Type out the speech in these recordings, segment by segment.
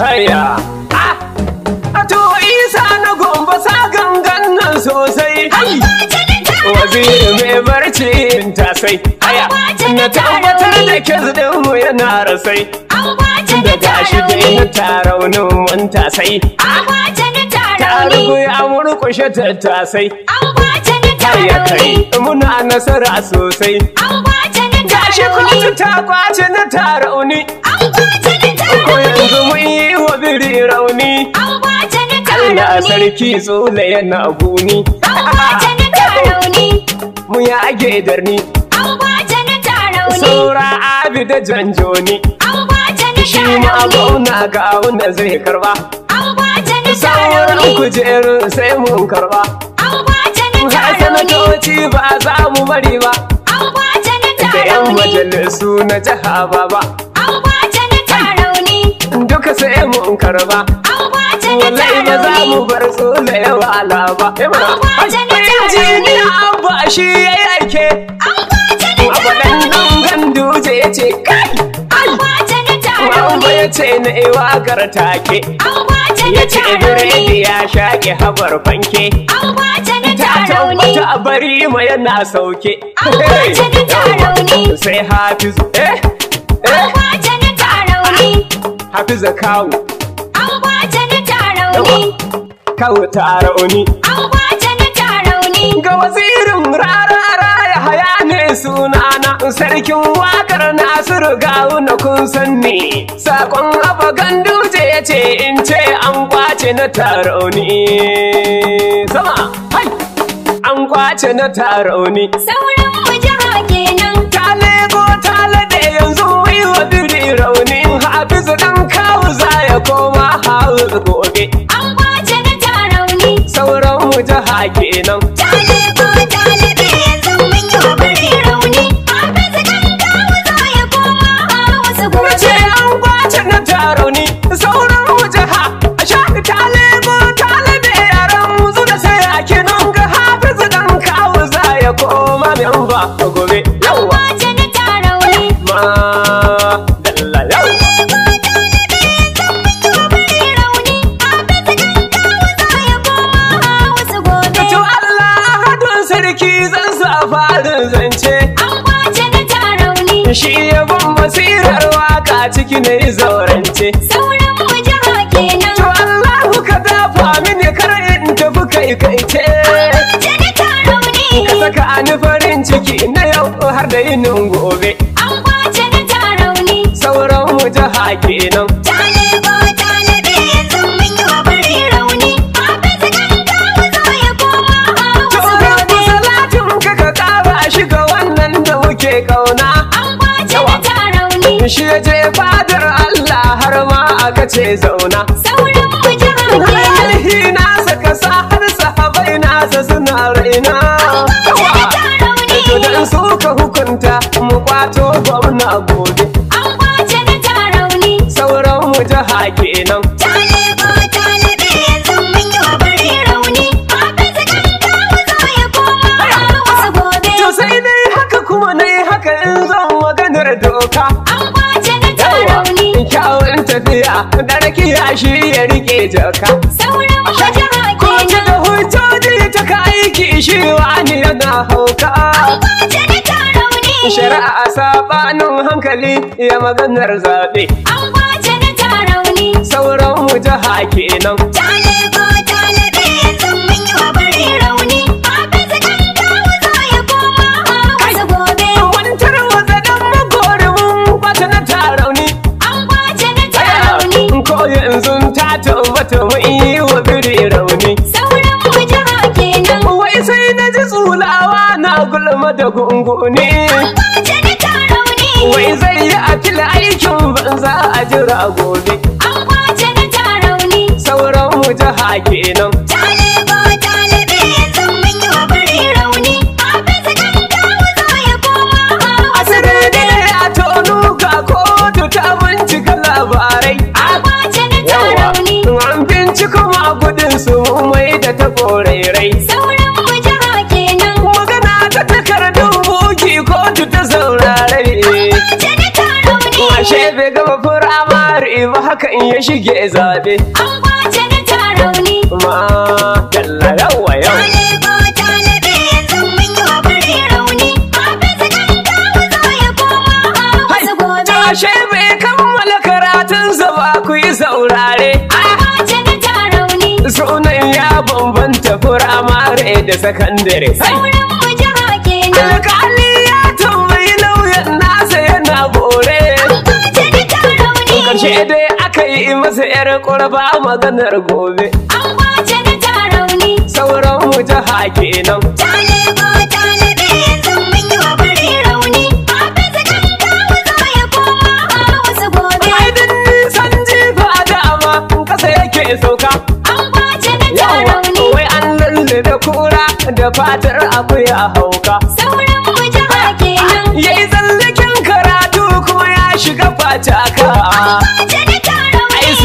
Aya, A ah! to isa na gomba sa gangan nan sosai. Waziri mai barci ta sai. Haya. Na tabbatar da kirdin mu yana rasai. Da gashi dai na taraunin wanta sai. Ta rugu ya murkushe tattasai. Haya kai muna nasara sosai. Gashi kotu ta kwace na tarauni. biri rauni. An kwace na rauni. Allah sarki zola yana guni. An kwace na rauni. Mu ya ake darni. An rauni. Saura abi da janjoni. An kwace na rauni. Shi ma gauna gauna zai karba. An kwace rauni. Sauran kujerun sai mun karba. An kwace na ta Sanatoci ba za mu bari ba. An rauni. Da 'yan majalisu na jiha ba ba. ka sai mu karba wallahi ba za mu bar su da yawa laba farin jini abba shi ya yake abadan nan gandu ce ce kai Abba ya ce na iwa take ya ce biredi ya shaƙe habar fanke ta tabbata a bari ma yana sauke sai hafizu eh hafiza kawo an kwace na tarauni kawo tarauni an kwace na tarauni ga wazirin rarara ya haya ne sunana sarkin wakar nasiru gawo na kun sanni sakon abu ce ya ce in ce an kwace na tarauni sama hai an kwace na tarauni sauran wajen kenan ta lego ta lade yanzu hafiz dan kawu za ya koma hafiz gobe an kwace na tarauni sauran mu kenan tale ko talibe yanzu mun yi rauni hafiz dan kawu za ya koma hafiz gobe ce an kwace na tarauni sauran mu jiha a sha tale ko talibe yaran mu zuwa sai a ga Hafizu dan kawu za ya koma memba gobe farin zance an kwace na tarauni shi ya ban basirar waka ciki na yi zaurance sauran mu kenan to Allahu ka dafa mini kar in tafi kai kai ce ka saka ani farin ciki na yau har da yinin gobe an kwace da tarauni sauran mu jiha kenan kauna an kwace mata rauni shi je fadar Allah har ma aka ce zauna sauran mutum halihi nasa ka sa har sahabai nasa suna raina Tudan so ka hukunta mu kwato gwamna gobe. An kwace da rauni. Sauran mu jiha kenan. ta daraki ya rike jaka sauran wajen haki ko ji da hujjoji ta ka aiki shi ne yana hauka abubuwa da ta rauni shari'a sabanin hankali ya maganar zaɓe an kwace da ta rauni sauran wajen haki nan na gulma da gunguni wai zai yi a kila aikin banza a jira gobe an kwace na tarauni sauran mu jiha kenan gama firamare ba haka in ya shige zaɓe. An kwace da tarauni. Ma dalla yawa yau. bai kammala karatunsa ba ku yi saurare. An kwace da Sunan ya bambanta firamare da sakandare. Sauran mu jiha kenan. Ke dai aka yi masa yar ƙurba maganar gobe. An kwace da rauni. Sauran mu jiha kenan. Talibu talibe yanzu mun yi wa bari rauni. Hafizu kan kawo zama ya koma ba wasu gobe. Ai duk nisan jifa a dama kasa yake sauka. An kwace da rauni. Wai an lalle da kura da fatar akuya hauka. Sauran mu jiha kenan. Yayi zallakin karatu kuma ya shiga fataka.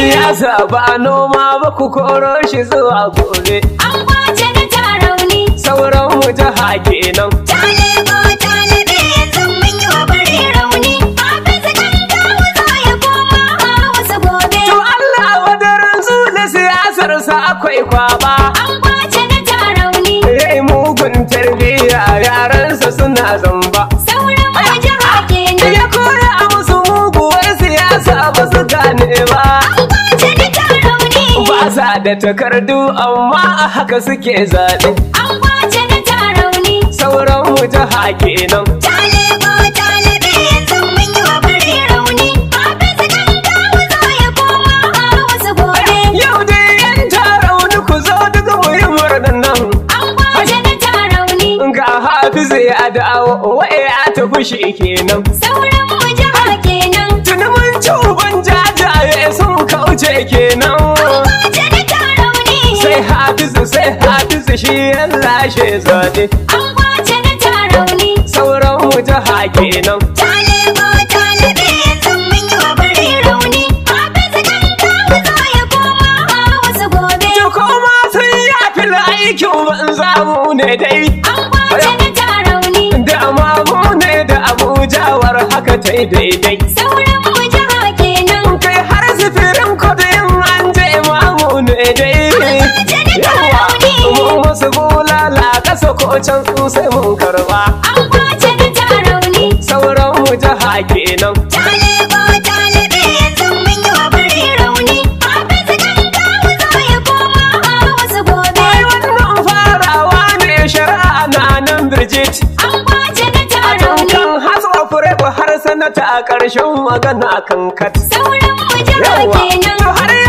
siyasa ba noma ba ku koro shi zuwa gobe. An kwace na tarauni. Sauran mu jiha kenan. Ta lebo ta yanzu mun yi wa bari rauni. Hafiz kan dawo za ya koma ba wasu gobe. To Allah wadaran su da siyasarsa akwai kwaba. An da takardu amma a haka suke zaɓe. An kwace da tarauni. Sauran mu jiha kenan. Talibu talibi yanzu mun yi wa rauni. Hafizu dan kawo a wasu gobe. Yau dai yan tarauni ku zo duk muhimar yi murnan nan. An kwace da tarauni. Ga Hafizu ya dawo wa'e a tafi shi kenan. Sauran mu jiha kenan. Tuni mun ci uban jajaye sun kauce kenan. su shi yan lashe zaɓe. An kwace na tarauni. Sauran mu jiha kenan. Ta lebo ta laɓe yanzu mun yi wa bari rauni. Hafiz dan kawo ya koma wa wasu gobe. Ki sun yi afil aikin banza mu ne dai. An kwace na tarauni. Da mu ne da Abuja war haka ta daidai. Sauran can su sai mun karba. An kwace ni ta rauni. Sauran mu jaha kenan. Talibu talibi yanzu mun yi wa bari rauni. Hafizu dan kawo ya koma a wasu gobe. Ai wannan farawa ne shari'a na nan Bridget. An kwace ni ta rauni. Kan hatsa fure har sanata a ƙarshen magana kan kat. Sauran mu jaha kenan. Har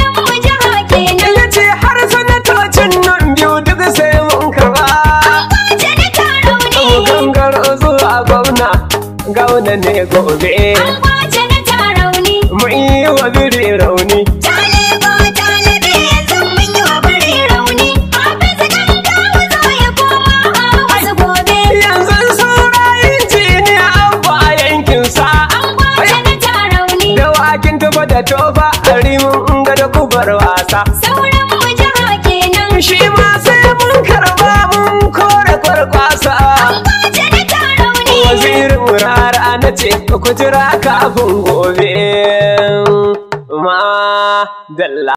gobe an kwace na ta rauni Mun yi wa biri rauni ta lebo ta yanzu mun yi wa biri rauni abin su kan ya koma wasu gobe yanzu saura inji ne an yankin sa an kwace na ta rauni da wakin tuba da toba a rimin da kubar wasa sauran mu jira kenan shi ma sai mun karɓa. ku jira kafin gobe ma dalla